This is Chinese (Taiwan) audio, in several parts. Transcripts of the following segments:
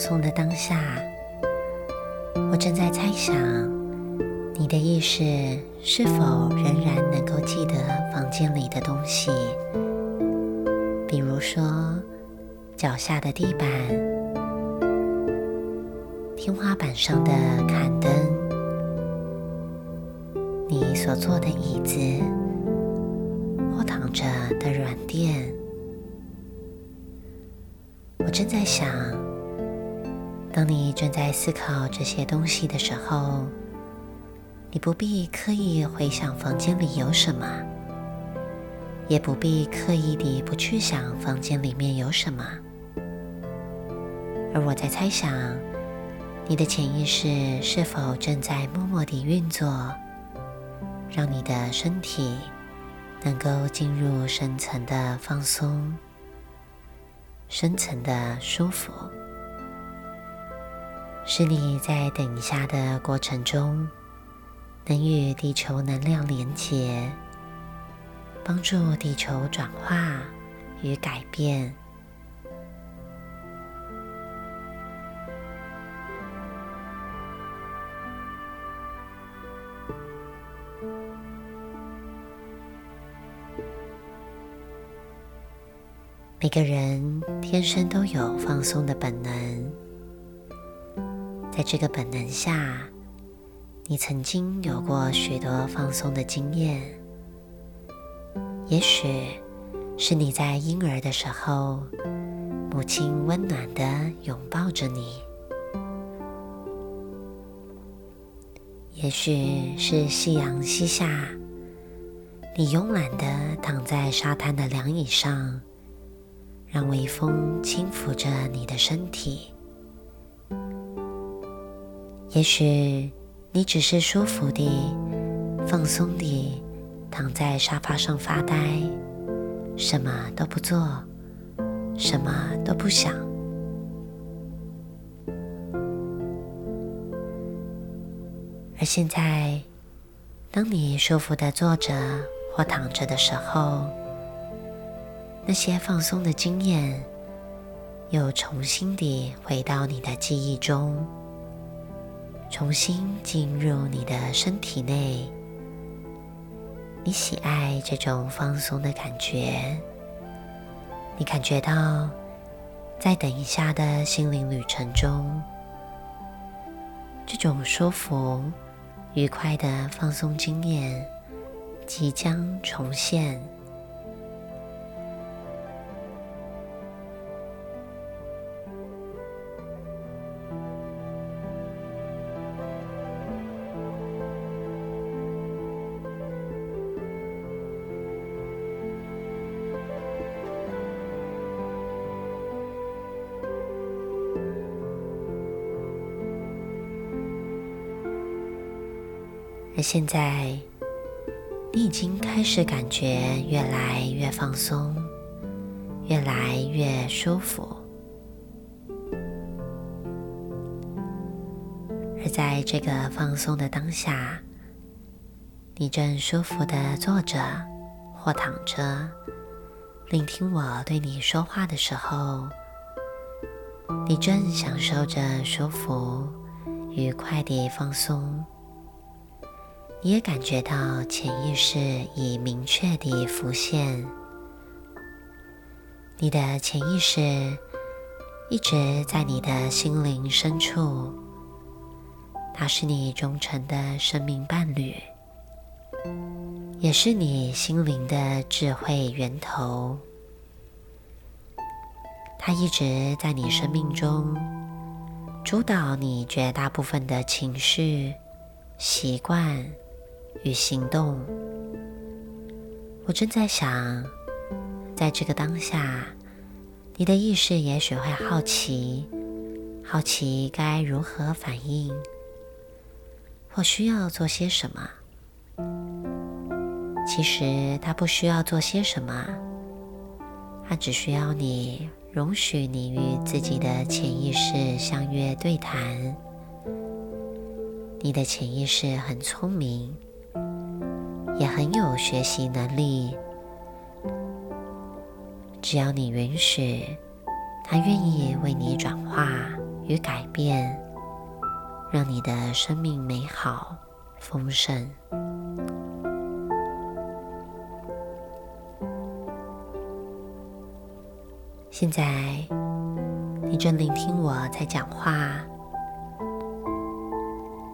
送的當下，我正在猜想你的意識是否仍然能夠記得房間裡的東西，比如說腳下的地板、天花板上的崁燈、你所坐的椅子或躺着的軟墊。我正在想。當你正在思考這些東西的時候，你不必刻意回想房間裡有什麼，也不必刻意地不去想房間裡面有什麼。而我在猜想，你的潛意識是否正在默默地運作，讓你的身體能夠進入深層的放鬆、深層的舒服。是你在等一下的過程中，能與地球能量連結，幫助地球轉化與改變。每個人天生都有放鬆的本能。在這個本能下，你曾經有過許多放鬆的經驗。也許是你在嬰兒的時候，母親溫暖地擁抱着你。也許是夕陽西下，你慵懶地躺在沙灘的涼椅上，讓微風輕撫着你的身體。也許你只是舒服地、放鬆地躺在沙發上發呆，什麼都不做，什麼都不想。而現在，當你舒服地坐着或躺着的時候，那些放鬆的經驗又重新地回到你的記憶中。重新進入你的身體內，你喜愛這種放鬆的感覺。你感覺到，在等一下的心靈旅程中，這種舒服、愉快的放鬆經驗即將重現。而現在，你已經開始感覺越來越放鬆，越來越舒服。而在這個放鬆的當下，你正舒服地坐着或躺着，聆聽我對你說話的時候，你正享受着舒服、愉快的放鬆。你也感覺到潛意識已明確地浮現。你的潛意識一直在你的心靈深處，它是你忠誠的生命伴侶，也是你心靈的智慧源頭。它一直在你生命中主導你絕大部分的情緒、習慣。與行動，我正在想，在這個當下，你的意識也許會好奇，好奇該如何反應，或需要做些什麼。其實他不需要做些什麼，他只需要你容許你與自己的潛意識相約對談。你的潛意識很聰明，也很有學習能力，只要你允許，他願意為你轉化與改變，讓你的生命美好豐盛。現在，你正聆聽我在講話。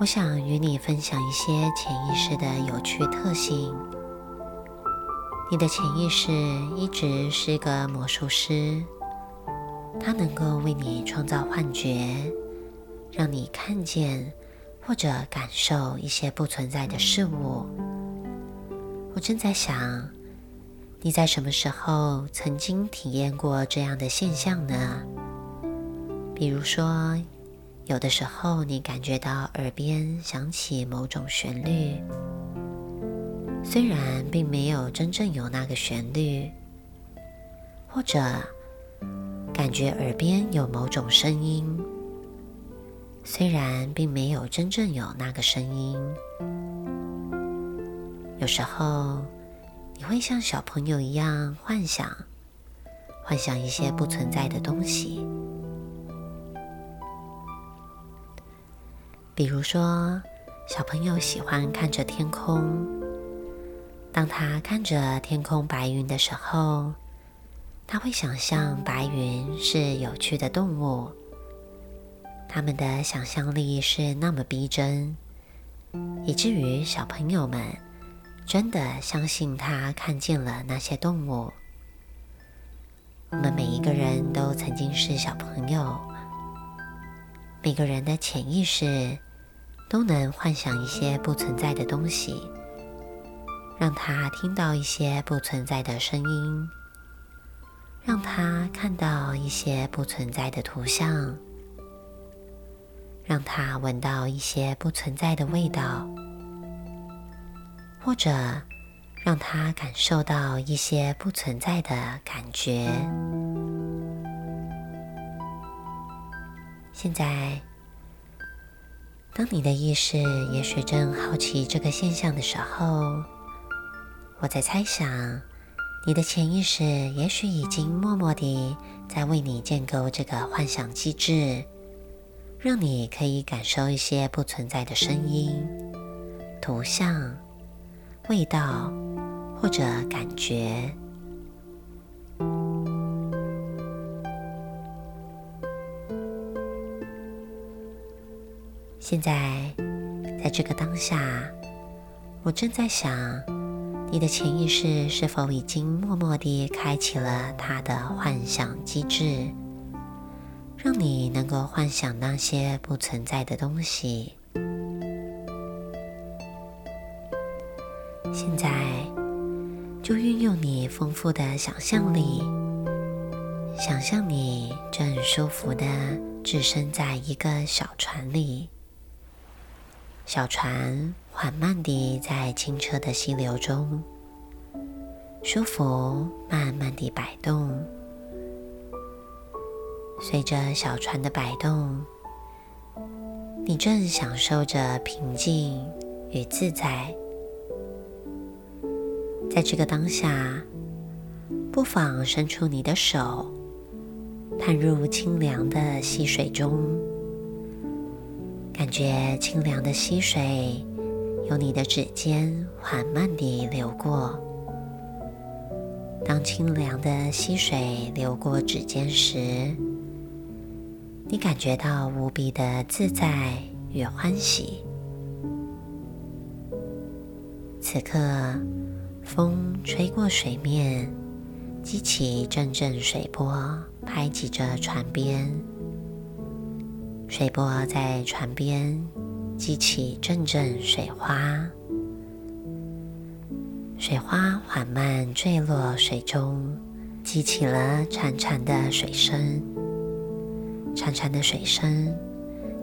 我想與你分享一些潛意識的有趣特性。你的潛意識一直是一個魔術師，它能夠為你創造幻覺，讓你看見或者感受一些不存在的事物。我正在想，你在什麼時候曾經體驗過這樣的現象呢？比如說。有的時候，你感覺到耳邊響起某種旋律，雖然並沒有真正有那個旋律；或者感覺耳邊有某種聲音，雖然並沒有真正有那個聲音。有時候，你會像小朋友一樣幻想，幻想一些不存在的東西。比如說，小朋友喜歡看着天空。當他看着天空白雲的時候，他會想象白雲是有趣的動物。他們的想象力是那麼逼真，以至於小朋友們真的相信他看見了那些動物。我們每一個人都曾經是小朋友，每個人的潛意識。都能幻想一些不存在的東西，讓他聽到一些不存在的聲音，讓他看到一些不存在的圖像，讓他聞到一些不存在的味道，或者讓他感受到一些不存在的感覺。現在。當你的意識也許正好奇這個現象的時候，我在猜想，你的潛意識也許已經默默地在為你建構這個幻想機制，讓你可以感受一些不存在的聲音、圖像、味道或者感覺。現在，在這個當下，我正在想，你的潛意識是否已經默默地開啟了它的幻想機制，讓你能夠幻想那些不存在的東西。現在，就運用你豐富的想象力，想象你正舒服地置身在一個小船裡。小船緩慢地在清澈的溪流中，舒服、慢慢地擺動。隨着小船的擺動，你正享受着平靜與自在。在這個當下，不妨伸出你的手，探入清涼的溪水中。感覺清涼的溪水由你的指尖緩慢地流過。當清涼的溪水流過指尖時，你感覺到無比的自在與歡喜。此刻，風吹過水面，激起陣陣水波，拍擊着船邊。水波在船邊激起陣陣水花，水花緩慢墜落水中，激起了潺潺的水聲。潺潺的水聲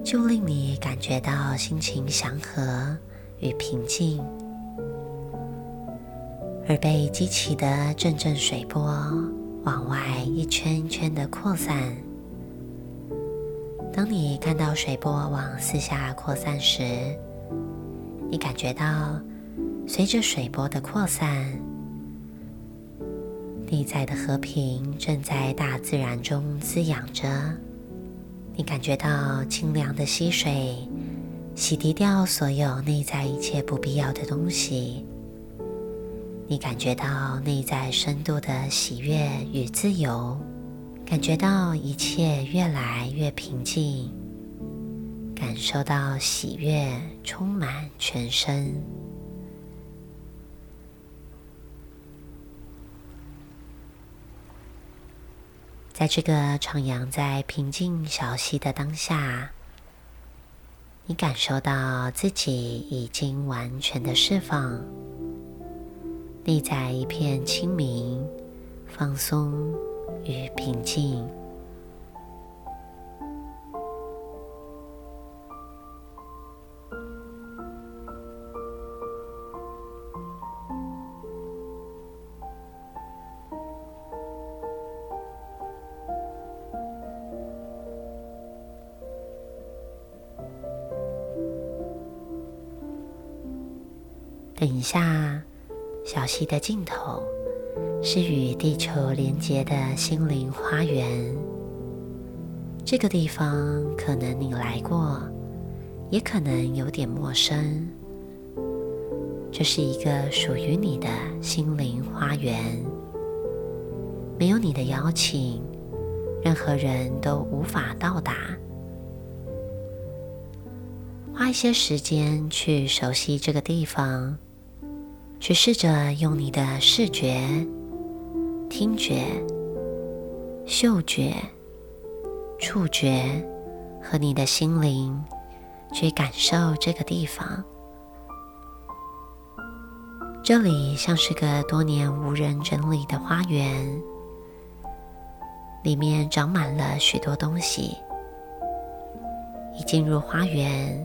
就令你感覺到心情祥和與平靜，而被激起的陣陣水波往外一圈一圈地擴散。當你看到水波往四下擴散時，你感覺到隨着水波的擴散，內在的和平正在大自然中滋養着。你感覺到清涼的溪水洗滌掉所有內在一切不必要的東西。你感覺到內在深度的喜悅與自由。感覺到一切越來越平靜，感受到喜悅充滿全身。在這個徜徉在平靜小溪的當下，你感受到自己已經完全的釋放，內在一片清明、放鬆。與平靜。等一下，小溪的盡頭。是與地球連接的心靈花園。這個地方可能你來過，也可能有點陌生。這是一個屬於你的心靈花園，沒有你的邀請，任何人都無法到達。花一些時間去熟悉這個地方，去試着用你的視覺。聽覺、嗅覺、觸覺和你的心靈去感受這個地方。這裡像是個多年無人整理的花園，裡面長滿了許多東西。一進入花園，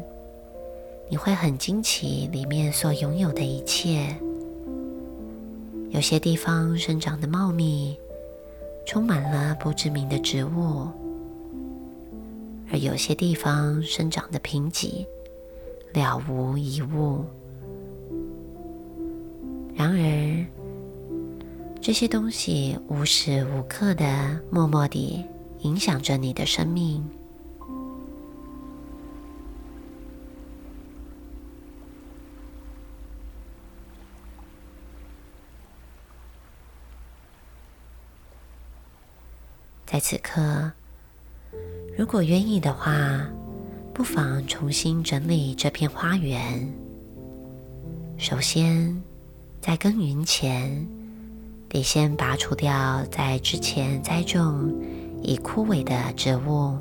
你會很驚奇裡面所擁有的一切。有些地方生長的茂密，充滿了不知名的植物；而有些地方生長的貧瘠，了無一物。然而，這些東西無時無刻的默默地影響着你的生命。在此刻，如果願意的話，不妨重新整理這片花園。首先，在耕耘前，得先拔除掉在之前栽種已枯萎的植物，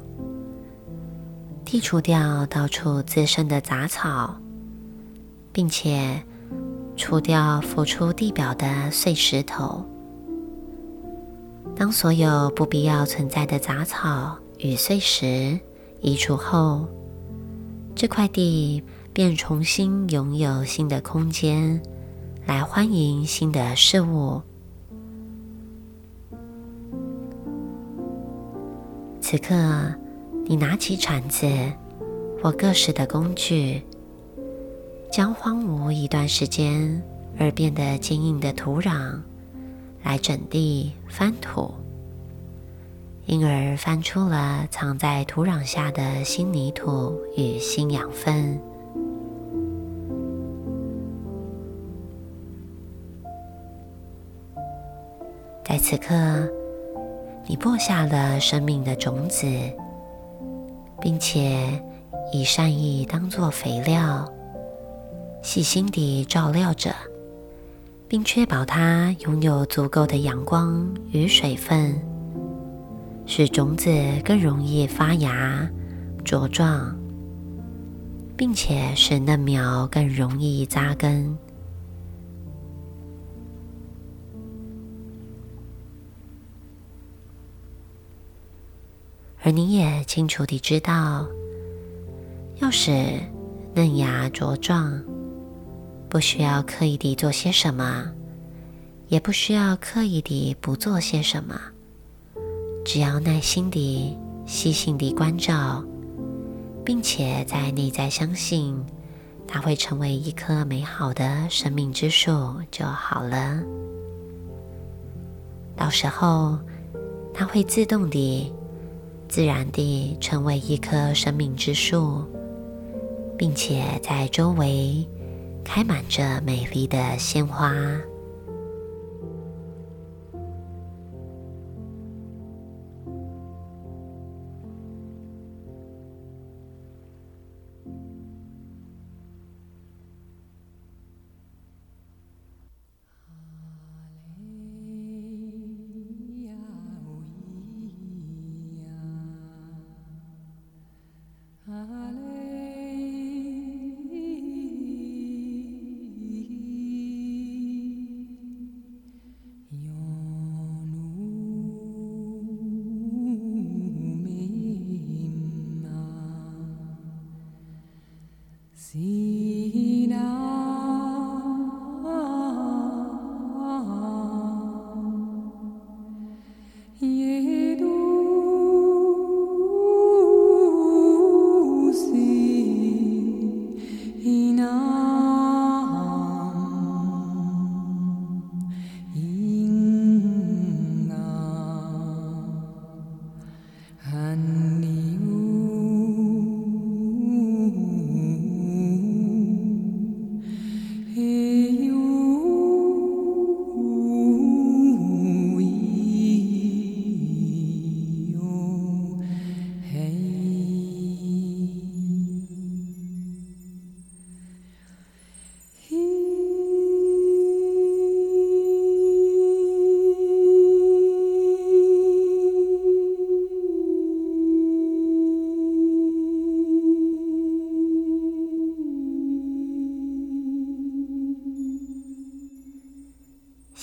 剔除掉到處滋生的雜草，並且除掉浮出地表的碎石頭。當所有不必要存在的雜草與碎石移除後，這塊地便重新擁有新的空間，來歡迎新的事物。此刻，你拿起鏟子或各式的工具，將荒蕪一段時間而變得堅硬的土壤。來整地翻土，因而翻出了藏在土壤下的新泥土與新養分。在此刻，你播下了生命的種子，並且以善意當做肥料，細心地照料着。並確保它擁有足夠的陽光與水分，使種子更容易發芽、茁壯，並且使嫩苗更容易扎根。而你也清楚地知道，要使嫩芽茁壯。不需要刻意地做些什麼，也不需要刻意地不做些什麼，只要耐心地、細心地關照，並且在內在相信它會成為一棵美好的生命之樹就好了。到時候，它會自動地、自然地成為一棵生命之樹，並且在周圍。開滿着美麗的鮮花。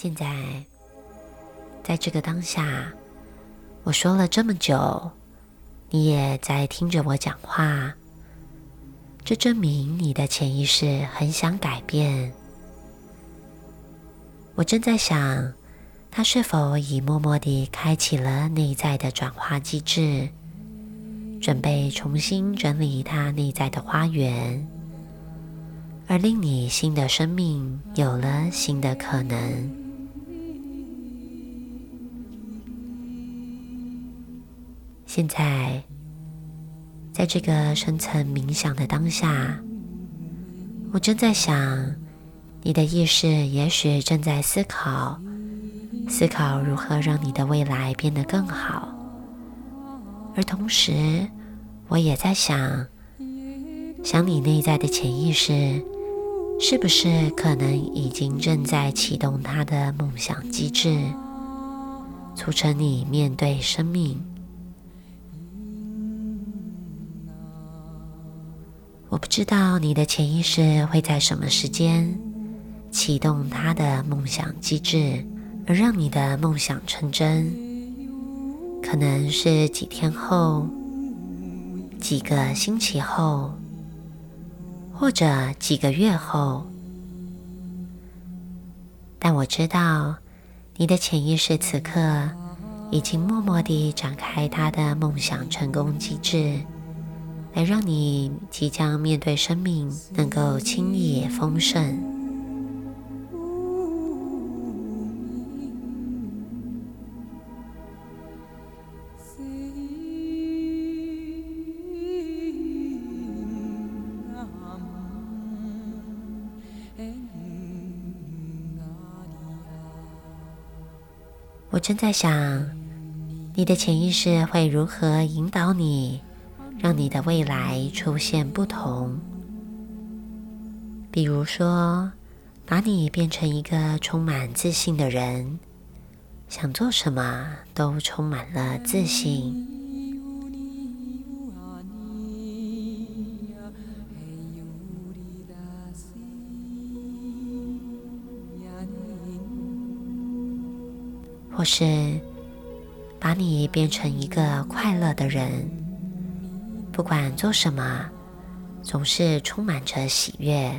現在，在這個當下，我說了這麼久，你也在聽着我講話，這證明你的潛意識很想改變。我正在想，它是否已默默地開啟了內在的轉化機制，準備重新整理它內在的花園，而令你新的生命有了新的可能。現在，在這個深層冥想的當下，我正在想，你的意識也許正在思考，思考如何讓你的未來變得更好。而同時，我也在想，想你內在的潛意識，是不是可能已經正在啟動它的夢想機制，促成你面對生命。我不知道你的潛意識會在什麼時間啟動它的夢想機制，而讓你的夢想成真。可能是幾天後、幾個星期後，或者幾個月後。但我知道，你的潛意識此刻已經默默地展開它的夢想成功機制。來讓你即將面對生命能夠輕易豐盛。我正在想，你的潛意識會如何引導你？讓你的未來出現不同，比如說，把你變成一個充滿自信的人，想做什麼都充滿了自信。或是把你變成一個快樂的人。不管做什麼，總是充滿着喜悅；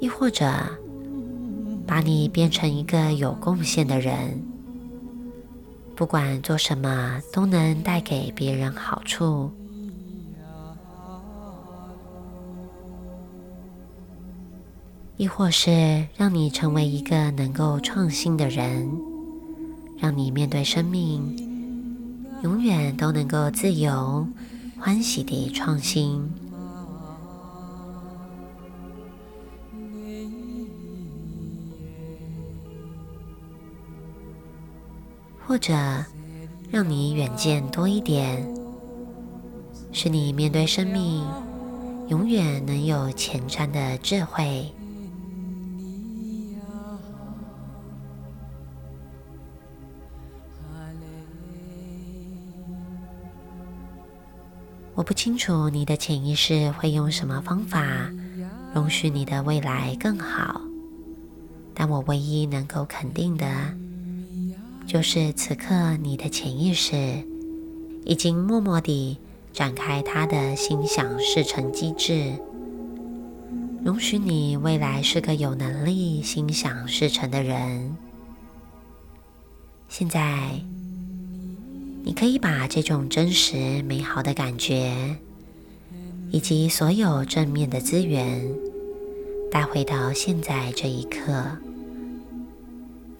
亦或者，把你變成一個有貢獻的人，不管做什麼都能帶給別人好處。亦或是讓你成為一個能夠創新的人，讓你面對生命永遠都能夠自由歡喜地創新；或者讓你遠見多一點，是你面對生命永遠能有前瞻的智慧。我不清楚你的潛意識會用什麼方法容許你的未來更好，但我唯一能夠肯定的就是此刻你的潛意識已經默默地展開它的心想事成機制，容許你未來是個有能力心想事成的人。現在。你可以把這種真實美好的感覺，以及所有正面的資源，帶回到現在這一刻。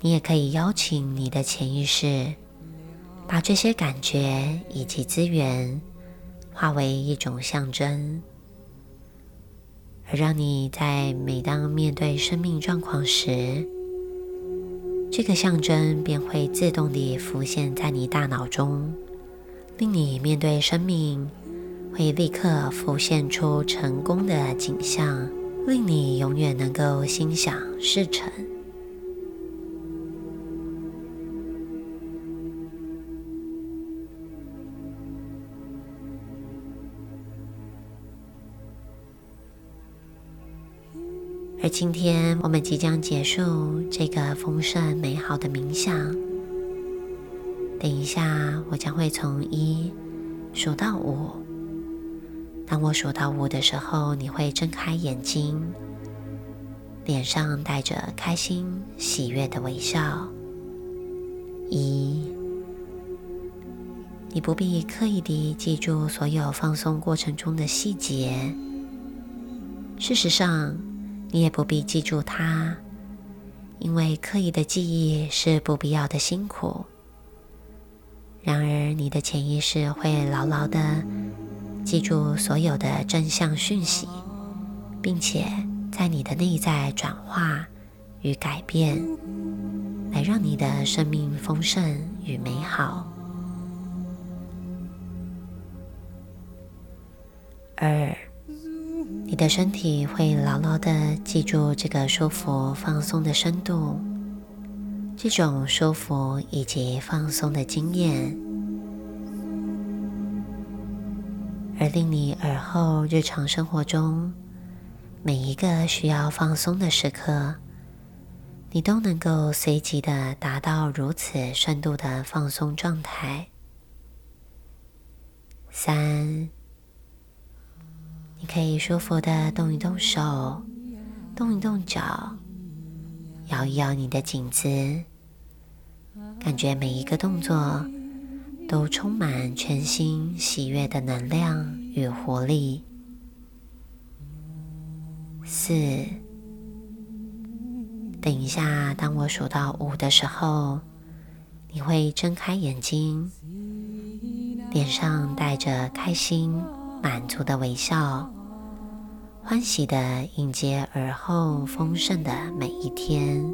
你也可以邀請你的潛意識，把這些感覺以及資源化為一種象徵，而讓你在每當面對生命狀況時，這個象徵便會自動地浮現在你大腦中，令你面對生命，會立刻浮現出成功的景象，令你永遠能夠心想事成。而今天我們即將結束這個豐盛美好的冥想。等一下，我將會從一數到五。當我數到五的時候，你會睜開眼睛，臉上帶着開心喜悅的微笑。一，你不必刻意的記住所有放鬆過程中的細節。事實上。你也不必記住它，因為刻意的記憶是不必要的辛苦。然而，你的潛意識會牢牢地記住所有的真相訊息，並且在你的內在轉化與改變，來讓你的生命豐盛與美好。而你的身體會牢牢的記住這個舒服放鬆的深度，這種舒服以及放鬆的經驗，而令你而後日常生活中每一個需要放鬆的時刻，你都能夠隨即的達到如此深度的放鬆狀態。三。你可以舒服的動一動手，動一動腳，搖一搖你的頸子，感覺每一個動作都充滿全新喜悅的能量與活力。四，等一下，當我數到五的時候，你會睜開眼睛，臉上帶着開心。滿足的微笑，歡喜的迎接而後豐盛的每一天。